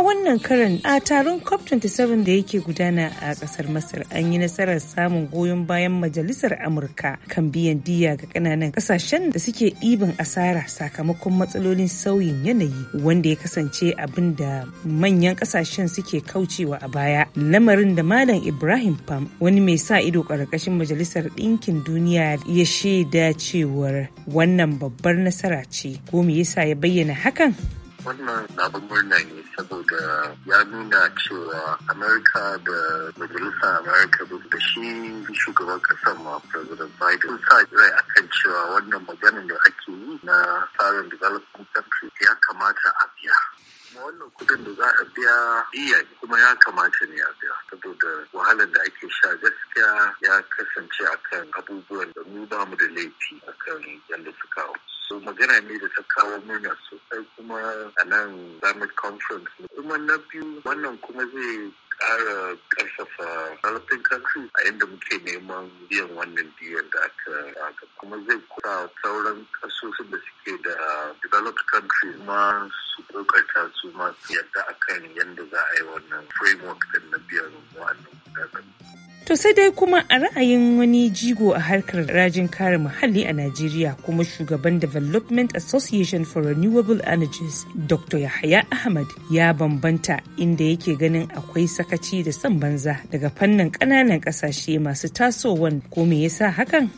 a wannan karan a taron cop 27 da yake gudana a kasar masar an yi nasarar samun goyon bayan majalisar amurka kan biyan diya ga kananan kasashen da suke ɗiban asara sakamakon matsalolin sauyin yanayi wanda ya kasance abin da manyan kasashen suke kaucewa a baya lamarin da malam ibrahim pam wani mai sa ido ƙarƙashin majalisar ɗinkin duniya ya shaida cewar wannan babbar nasara ce ko me yasa ya bayyana hakan wannan abin murna ne saboda ya nuna cewa amurka da Majalisa amurka da shi shugaban kasar ma president biden sa rai kan cewa wannan maganin da ake yi na tsarin development country ya kamata a biya wannan kudin da za a biya iya kuma ya kamata ne a biya saboda wahalar da ake sha gaskiya ya kasance akan abubuwan da mu ba da laifi akan yadda suka so magana ne da ta kawo murna sosai kuma a nan climate conference kuma na biyu wannan kuma zai kara karfafa developing countries a inda muke neman biyan wannan biyan da aka kuma zai kusa sauran kasoshin da suke da developed countries ma su kokarta su ma su yadda akan yadda za a yi wannan framework din na biyan wannan To sai dai kuma a ra'ayin wani jigo a harkar rajin kare muhalli a Najeriya kuma shugaban Development Association for Renewable Energies Dr. Yahaya Ahmad ya bambanta inda yake ganin akwai sakaci da san banza daga fannin ƙananan ƙasashe masu tasowan ko me yasa hakan?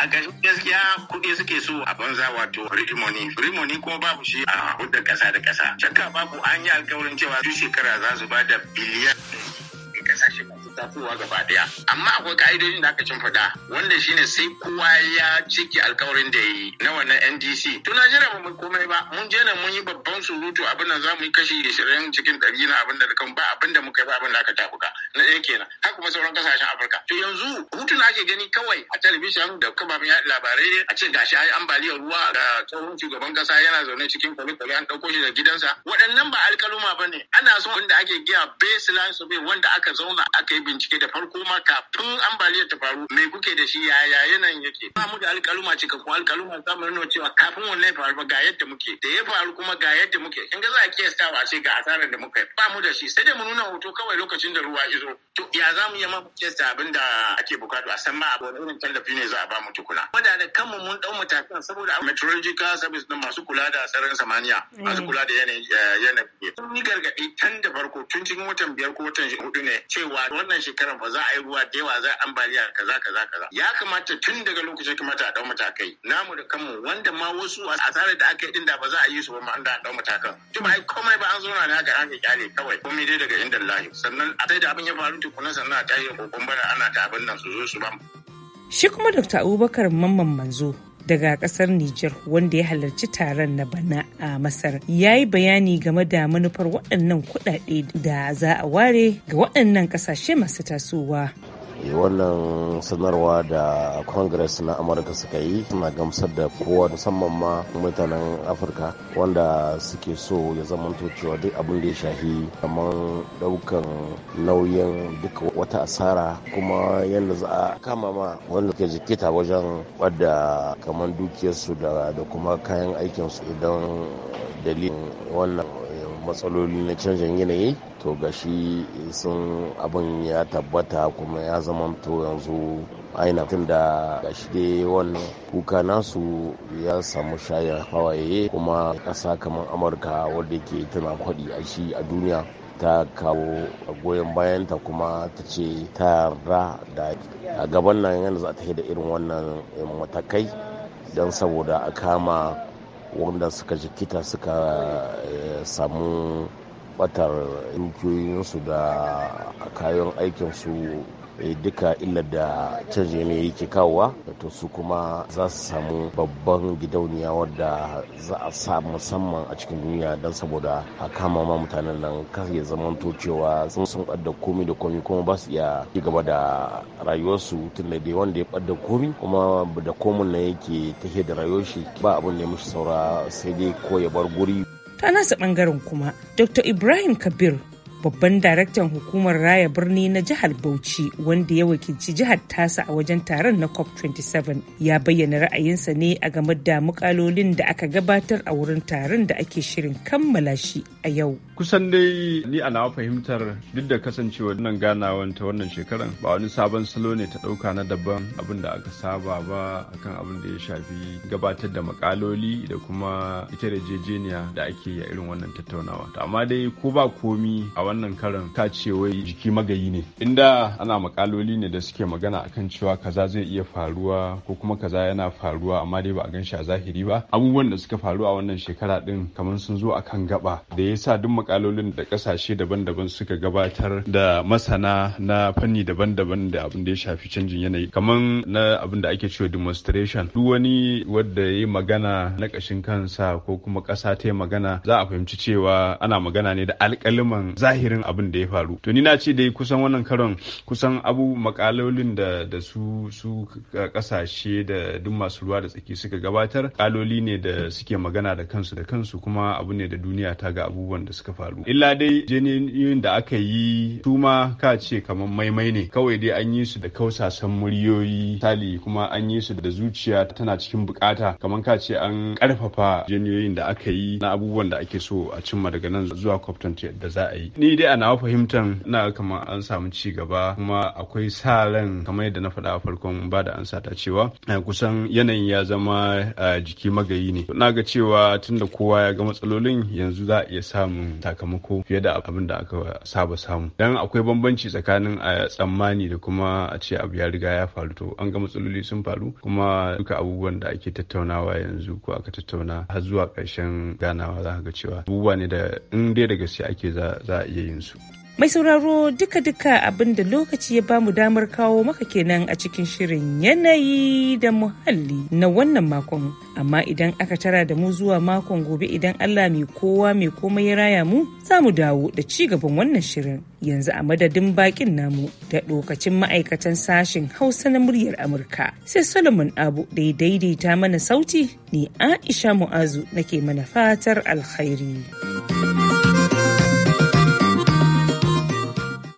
a gashi gaskiya kuɗi suke so a banza wato rimoni rimoni kuma babu shi a hudar ƙasa da ƙasa shakka babu an yi alkawarin cewa duk shekara za su ba da biliyan kasashe masu tasowa gaba daya amma akwai ka'idojin da aka cin fada wanda shine sai kowa ya ciki alkawarin da yi na wannan ndc to najeriya ba mu komai ba mun je nan mun yi babban surutu abin nan za mu yi kashi ishirin cikin ɗari na abin da kan ba abin da muka yi ba abin da aka tabuka na ɗaya kenan haka kuma sauran kasashen afirka to yanzu na ake gani kawai a talabijin da kafafen yaɗa labarai a ce gashi ai ambaliyar ruwa ga tsohon shugaban kasa yana zaune cikin kwale-kwale an ɗauko shi da gidansa waɗannan ba alkaluma ba ne ana so wanda ake giya baseline survey wanda aka zauna aka yi bincike da farko ma kafin ambaliyar ta faru me kuke da shi yaya yanayin yake ba mu da alƙaluma ce ko alƙaluma za mu nuna cewa kafin wannan faru ba ga yadda muke da ya faru kuma ga yadda muke in ga za a kiyasta ba ce ga asarar da muka ba mu da shi sai da mu nuna hoto kawai lokacin da ruwa izo to ya za mu yi ma kiyasta abin da ake bukatu a san ma abu irin tallafi ne za a ba mu tukuna wanda da kanmu mun dau matakan saboda meteorological service din masu kula da sararin samaniya masu kula da yanayi eh, yanayi sun yi tun da farko tun cikin watan biyar ko watan hudu ne cewa wannan shekarar ba za a yi ruwa da yawa za a ambaliya kaza kaza kaza ya kamata tun daga lokacin kamata a dau matakai namu da kanmu wanda ma wasu a tsare da aka yi din da ba za a yi su ba ma an da dau matakan to ba komai ba an zo na ga an kyale kawai komai dai daga inda lahi sannan a da abin ya faru tukuna sannan a tayi kokon bara ana ta abin nan su zo su ba shi kuma dr abubakar mamman manzo daga kasar Nijar wanda ya halarci taron na bana a Masar ya yi bayani game da manufar waɗannan kuɗaɗe da za a ware ga waɗannan ƙasashe masu tasowa. Eh, wannan sanarwa da congress na amurka suka yi suna gamsar da kowa musamman ma mutanen afirka wanda suke so ya zama cewa duk abin da ya shahi kamar daukan nauyin duk wata asara kuma yadda za a kama ma wanda ke jikita wajen wadda kamar dukiyarsu da kuma kayan aikinsu idan dalilin wannan matsaloli na canjin yanayi to gashi sun abin ya tabbata kuma ya to yanzu aina tun da gashi dai wannan kuka nasu ya samu shayar hawaye kuma ƙasa kamar amurka wadda ke tana kwaɗi a shi a duniya ta kawo goyon bayanta kuma ta ce ta yarda da a gaban nan yanzu za ta da irin wannan matakai don saboda a kama wanda suka jikita suka eh, samu batar inkiyoyinsu da kayan aikinsu Eh, duka illar da canji ne yake kawowa to su kuma za su samu babban gidauniya wadda za a sa musamman a cikin duniya don saboda a kama ma mutanen nan kar ya to cewa sun sun ɓadda komi da komi kuma ba su iya ci gaba da rayuwarsu tun da dai wanda ya ɓadda komi kuma da komin nan yake ke da rayuwar shi ba abin da ya musu saura sai dai ko ya bar guri. ta nasa bangaren kuma dr ibrahim kabir babban daraktan hukumar raya birni na jihar bauchi wanda ya wakilci jihar tasa a wajen taron na cop 27 ya bayyana ra'ayinsa ne a game da mukalolin da aka gabatar a wurin taron da ake shirin kammala shi a yau kusan dai ni a nawa fahimtar duk da kasancewa nan ganawan ta wannan shekaran ba wani sabon salo ne ta dauka na daban abin da aka saba ba akan abin da ya shafi gabatar da makaloli da kuma ita da jejeniya da ake yi a irin wannan tattaunawa amma dai ko ba komi a wannan karin ka ce wai jiki magayi ne inda ana makaloli ne da suke magana akan cewa kaza zai iya faruwa ko kuma kaza yana faruwa amma dai ba a gan shi a zahiri ba abubuwan da suka faru a wannan shekara din kamar sun zo akan gaba da ya sa duk makalolin da kasashe daban-daban suka gabatar da masana na fanni daban-daban da abin da ya shafi canjin yanayi kamar na abin da ake cewa demonstration duk wani wanda ya yi magana na kashin kansa ko kuma ƙasa ta yi magana za a fahimci cewa ana magana ne da alkaliman zahiri zahirin abin da ya faru to ni na ce dai kusan wannan karon kusan abu makalolin da da su su kasashe da duk masu ruwa da tsaki suka gabatar kaloli ne da suke magana da kansu da kansu kuma abu ne da duniya ta ga abubuwan da suka faru illa dai jeniyoyin da aka yi su ma ka ce kamar maimai ne kawai dai an yi su da kausasan muryoyi tali kuma an yi su da zuciya tana cikin bukata kamar ka ce an karfafa jeniyoyin da aka yi na abubuwan da ake so a cimma daga nan zuwa kwaftan da za a yi ni dai a nawa fahimtan na kama an samu ci gaba kuma akwai sa ran kamar yadda na faɗa a farkon ba da ansa ta cewa eh, kusan yanayin ya zama eh, jiki magayi ne na ga cewa tunda kowa ya ga matsalolin yanzu za a iya samun sakamako fiye da abin da aka saba samu dan akwai bambanci tsakanin a tsammani da kuma a ce abu ya riga ya faru to an ga matsaloli sun faru kuma duka abubuwan da ake tattaunawa yanzu ko aka tattauna har zuwa karshen ganawa za ka ga cewa abubuwa ne da in dai da gaske ake za a iya Mai sauraro duka-duka abin da lokaci ya bamu damar kawo maka kenan a cikin shirin yanayi da muhalli na wannan makon. Amma idan aka tara da mu zuwa makon gobe idan Allah mai kowa mai komai ya raya mu za mu dawo da ci gaban wannan shirin. Yanzu a madadin bakin namu da lokacin ma'aikatan sashen Hausa na muryar Amurka. Sai Solomon Abu da ya daidaita mana sauti ne Aisha Mu'azu nake mana fatar alkhairi.